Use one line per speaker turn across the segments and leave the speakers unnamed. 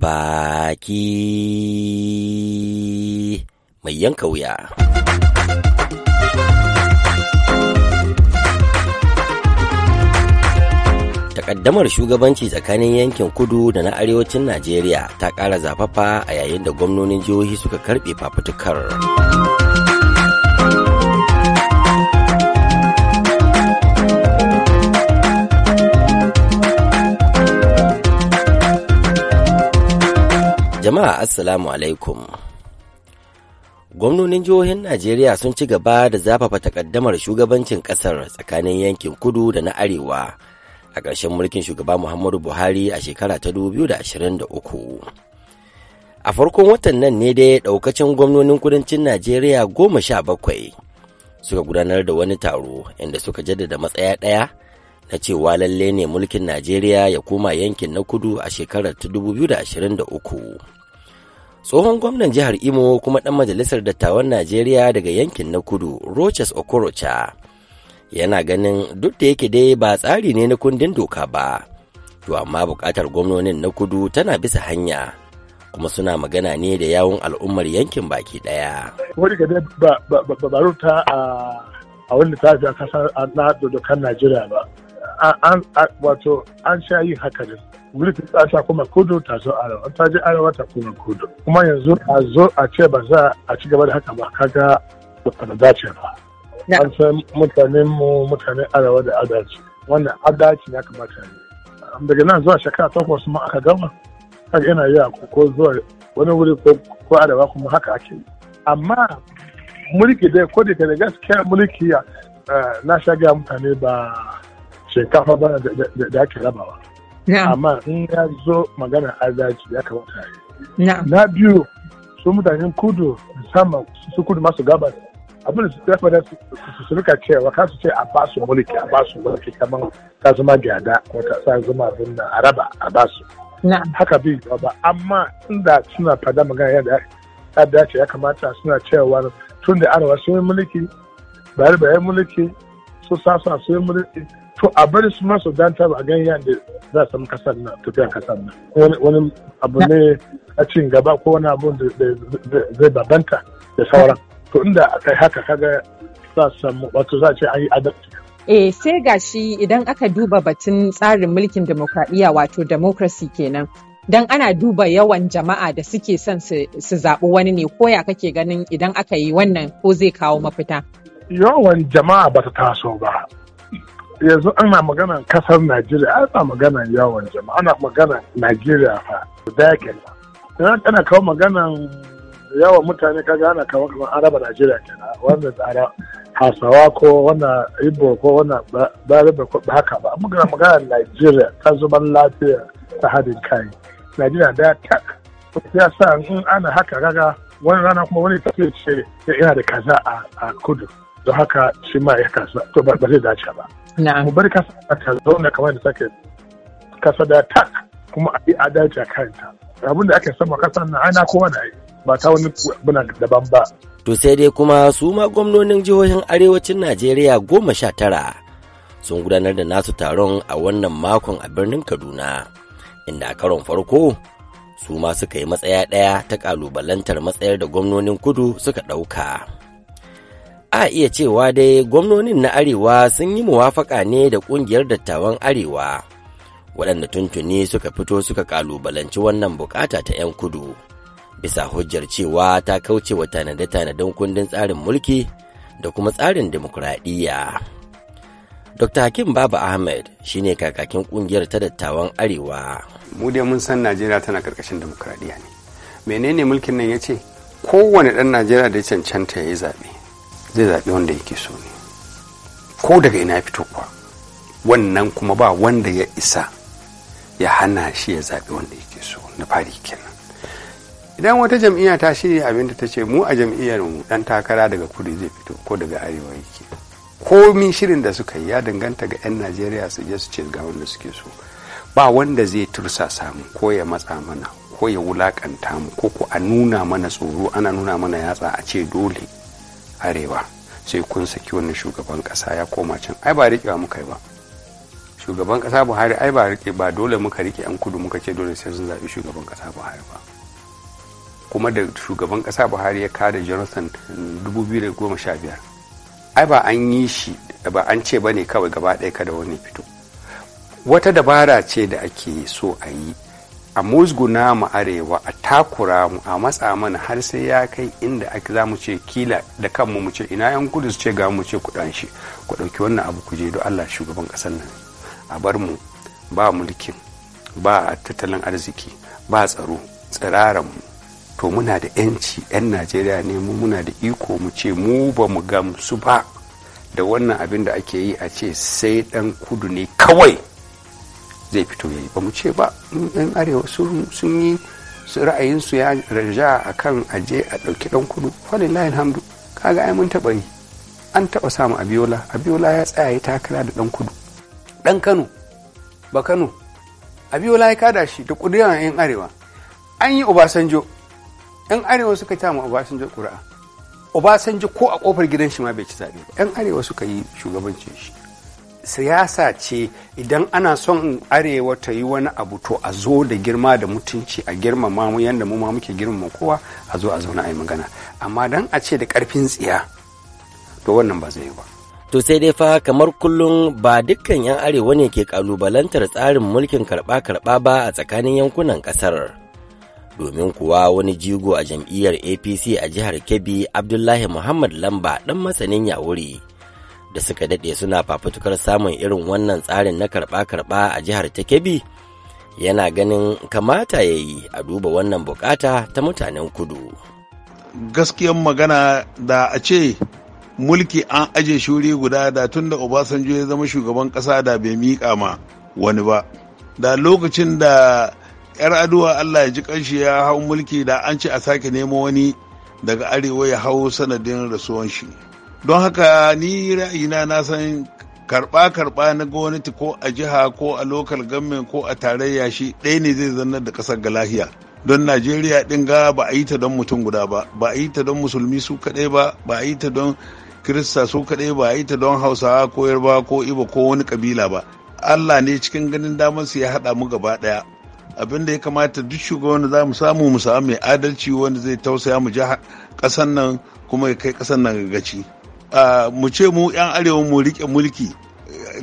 baki mai yanka wuya. Takaddamar shugabanci tsakanin yankin kudu da na arewacin Najeriya ta ƙara zafafa a yayin da gwamnonin jihohi suka karɓe fafutukar. Jama'a Assalamu alaikum. Gwamnonin jihohin Najeriya sun ci gaba da zafafa takaddamar shugabancin ƙasar tsakanin yankin kudu da na arewa a ƙarshen mulkin shugaba Muhammadu Buhari a shekara ta 2023. A farkon watan nan ne dai ɗaukacin gwamnonin kudancin Najeriya goma sha bakwai suka gudanar da wani taro inda suka jaddada matsaya ɗaya na cewa lalle ne mulkin Najeriya ya koma yankin na kudu a shekarar 2023. tsohon gwamnan jihar imo kuma ɗan majalisar dattawan najeriya daga yankin na kudu rochas okorocha yana ganin duk da yake dai ba tsari ne na kundin doka ba to amma bukatar gwamnonin na kudu tana bisa hanya kuma suna magana ne da yawun al'ummar yankin baki ɗaya.
a wani ta a kasa na dodokan najeriya ba wato an sha yin hakanin wuri ta tsasha kuma kudu ta zo arewa ta je arewa ta kuma kudu kuma yanzu a zo a ce ba za a ci gaba da haka ba kaga ba da dace ba an san mutanen mu mutanen arewa da adaci wannan adaci ya kamata ne daga nan zuwa shekara takwas ma aka gama kaga yana yi ko zuwa wani wuri ko arewa kuma haka ake yi amma mulki dai ko da da gaskiya mulki eh, na shagaya mutane ba shinkafa ba da ake rabawa amma in ya zo magana azaci ya kamata na biyu su mutanen kudu musamman su kudu masu gabas abin da su ya fada su rika cewa kasu ce a ba su mulki a ba su mulki kamar ta zama gyada ko ta sa zama abin da araba a ba su haka bi ba amma inda suna fada magana yadda ya dace ya kamata suna cewa tun da arewa sun yi mulki bayar bayar mulki su sasa sun yi mulki to a bar su masu su danta ba a gan yadda za su kasar nan tafiya kasar nan wani abu ne a cin gaba ko wani abu da zai babanta da sauran to inda aka haka kaga za su samu wato za a ce an yi adalci
Eh sai gashi idan aka duba batun tsarin mulkin demokradiyya wato democracy kenan dan ana duba yawan jama'a da suke son su zaɓi wani ne ko ya kake ganin idan aka yi wannan ko zai kawo mafita.
Yawan jama'a ba ta taso ba. yanzu ana magana kasar najeriya ana magana yawon jama'a ana magana najeriya fa da kenan idan kana kawo magana yawan mutane kaga ana kawo kamar araba najeriya kenan wanda tsara hasawa ko wannan ibo ko wannan baribe ko haka ba magana magana najeriya ta zuban lafiya ta hadin kai najeriya da ya sa in ana haka kaga wani rana kuma wani take ce yana da kaza a kudu don haka shi ma ya kasa to ba zai dace ba mu bar kasa ta zauna kamar da sake kasa da tak kuma a yi adalci a kanta abin da ake sama kasa na ana kowa na yi ba ta wani buna daban ba
to sai dai kuma su ma gwamnonin jihohin arewacin najeriya goma sha tara sun gudanar da nasu taron a wannan makon a birnin kaduna inda a karon farko su ma suka yi matsaya ɗaya ta ƙalubalantar matsayar da gwamnonin kudu suka ɗauka. a iya cewa dai gwamnonin na arewa sun yi muwafaka ne da ƙungiyar dattawan arewa waɗanda tuntuni suka fito suka ƙalubalanci wannan bukata ta 'yan kudu bisa hujjar cewa ta kauce wa tanade-tanaden kundin tsarin mulki da kuma tsarin demokuraɗiyya. dr hakim baba ahmed shine kakakin ƙungiyar ta dattawan arewa mu dai mun san najeriya tana karkashin
demokuraɗiyya ne menene mulkin nan ya ce kowane ɗan najeriya da cancanta ya yi zaɓe zai zaɓi wanda yake so ne ko daga ina ya fito kuwa wannan kuma ba wanda ya isa ya hana shi ya zaɓi wanda yake so na fari kenan idan wata jam'iyya ta shirya abin ta ce mu a jam'iyyar mu dan takara daga kudu zai fito ko daga arewa yake komi shirin da suka yi ya danganta ga 'yan najeriya su je su ce ga wanda suke so ba wanda zai tursa samu ko ya matsa mana ko ya wulakanta mu ko ko a nuna mana tsoro ana nuna mana yatsa a ce dole arewa sai kun saki wannan shugaban kasa ya koma can ai ba rikewa muka yi ba shugaban kasa buhari ai ba rike ba dole muka rike yan kudu muka ce dole sai sun zaɓi shugaban kasa buhari ba kuma da shugaban kasa buhari ya kada jonathan 2015 mm, ai ba an yi shi ba an ce ba ne kawai gaba ɗaya kada wani fito wata dabara ce da ake so a yi a musguna mu arewa a takura mu a matsa mana har sai ya kai inda ake za mu ce kila da kanmu mu ce ina yan gudu su ce ga mu ce ku shi ku ɗauki wannan abu ku je don Allah shugaban ƙasar nan a bar mu ba mulkin ba tattalin arziki ba tsaro tsiraran mu to muna da yanci yan Najeriya ne mu muna da iko mu ce mu ba mu gamsu ba da wannan abin da ake yi a ce sai dan kudu ne kawai zai fito yayi ba mu ce ba yan arewa sun yi su ra'ayinsu ya raja a kan aje a ɗauki ɗan kudu layin hamdu kaga ai mun taɓa yi an taɓa samu abiola abiola ya tsaya ya takara da ɗan kudu ɗan kano ba kano abiola ya kada shi da ƙudurin yan arewa an yi obasanjo yan arewa suka ta mu obasanjo ƙura'a obasanjo ko a ƙofar gidan shi ma bai ci zaɓe ba yan arewa suka yi shugabancin shi siyasa ce idan ana son arewa ta yi wani abu to a zo da girma da mutunci a girmama mu yadda mu ma muke girmama kowa a zo a zauna a yi magana amma dan a ce da karfin tsiya
to wannan ba zai yi ba to sai dai fa kamar kullum ba dukkan yan arewa ne ke kalubalantar tsarin mulkin karba karba ba a tsakanin yankunan kasar domin kuwa wani jigo a jam'iyyar apc a jihar kebbi abdullahi muhammad lamba dan masanin yawuri da suka daɗe suna fafutukar samun irin wannan tsarin na karɓa-karɓa a jihar ta Kebbi yana ganin kamata ya yi a duba wannan bukata ta mutanen kudu.
Gaskiyan magana da a ce mulki an aje shuri guda da tun da Obasanjo ya zama shugaban ƙasa da bai miƙa ma wani ba. Da lokacin da 'yar aduwa Allah ya ji ƙanshi ya hau mulki da an ce a sake nemo wani daga arewa ya hau sanadin rasuwan shi. don haka ni ra'ayina na san karɓa-karɓa na gwamnati ko a jiha ko a lokal gamin ko a tarayya shi ɗaya ne zai zanna da ƙasar ga lahiya don najeriya ɗin ga ba a yi ta don mutum guda ba ba a yi ta don musulmi su kaɗai ba ba a yi ta don kirista su kaɗai ba a yi ta don hausawa ko yarba ko iba ko wani ƙabila ba allah ne cikin ganin damar su ya haɗa mu gaba ɗaya abin da ya kamata duk shugaban da za mu samu mu samu mai adalci wanda zai tausaya mu jiha kasan nan kuma ya kai kasan nan gaci. mu ce mu 'yan arewa mu rike mulki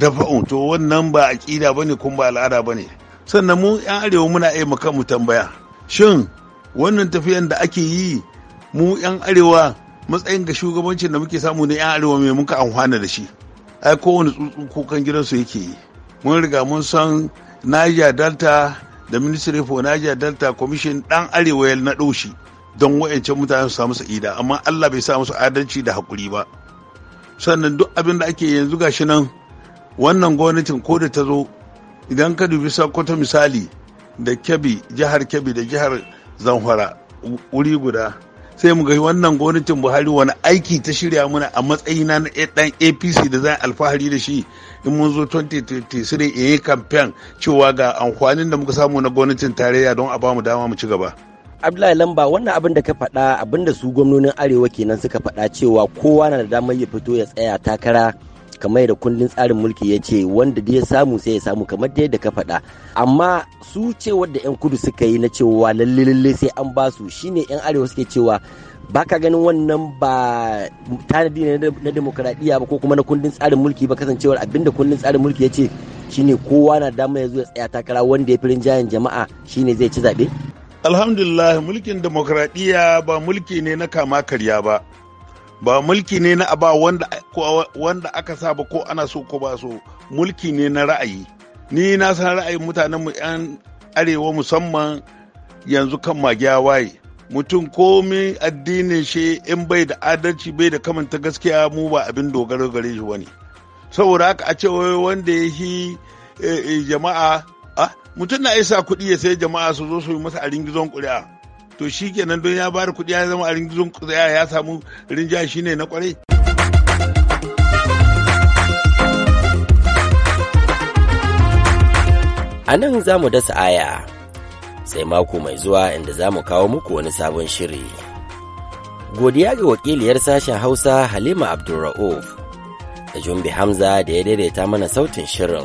fa'un to wannan ba aƙida bane kuma ba al'ada bane sannan mu 'yan arewa muna iya maka mu tambaya shin wannan tafiyan da ake yi mu 'yan arewa matsayin ga shugabancin da muke samu na 'yan arewa mai muka amfana da shi ai kowane tsuntsun kukan su yake yi mun riga mun san naija delta da ministry for naija delta commission dan arewa ya naɗo don wa'ancan mutane su samu sa'ida amma allah bai sa musu adalci da haƙuri ba sannan duk abin da ake yanzu gashi nan wannan gwamnatin ko da ta zo idan ka dubi sokoto misali da kebbi jihar kebbi da jihar zamfara wuri guda sai mu ga wannan gwamnatin buhari wani aiki ta shirya mana a matsayina na dan apc da zan alfahari da shi in mun zo 2023 in yi kamfen cewa ga amfanin da muka samu na gwamnatin tarayya don a ba mu dama mu ci gaba
Abdullahi Lamba wannan abin da ka faɗa abin da su gwamnonin Arewa kenan suka faɗa cewa kowa na da damar ya fito ya tsaya takara kamar da kundin tsarin mulki ya ce wanda da ya samu sai ya samu kamar da yadda ka faɗa amma su ce wadda 'yan kudu suka yi na cewa lalle lalle sai an ba su shine 'yan arewa suke cewa ba ka ganin wannan ba tanadi ne na demokradiyya ba ko kuma na kundin tsarin mulki ba kasancewar abinda kundin tsarin mulki ya ce shine kowa na damar ya zo ya tsaya takara wanda ya fi rinjayen jama'a shine zai ci zaɓe.
alhamdulillah mulkin demokradiyya ba mulki ne na kama karya ba ba mulki ne na aba wanda, wanda aka saba ko ana so ko ba so mulki ne na ra'ayi ni na san ra'ayin mutanen mu yan arewa musamman yanzu kan magiya waye mutum komi addinin shi in bai da adalci bai da kamanta gaskiya mu ba abin dogaro gare shi wani saboda haka a cewa wanda ya yi eh, eh, jama'a ah mutum na isa kuɗi ya sai jama'a su zo su yi masa a ringizon ƙuri'a to shi kenan don ya ba da kuɗi ya zama a ringizon ƙuri'a ya samu rinja shi ne na
ƙwarai. a nan za mu dasa aya sai mako mai zuwa inda za mu kawo muku wani sabon shiri. Godiya ga wakiliyar sashen Hausa Halima Abdulra'uf da Jumbi Hamza da ya daidaita mana sautin shirin.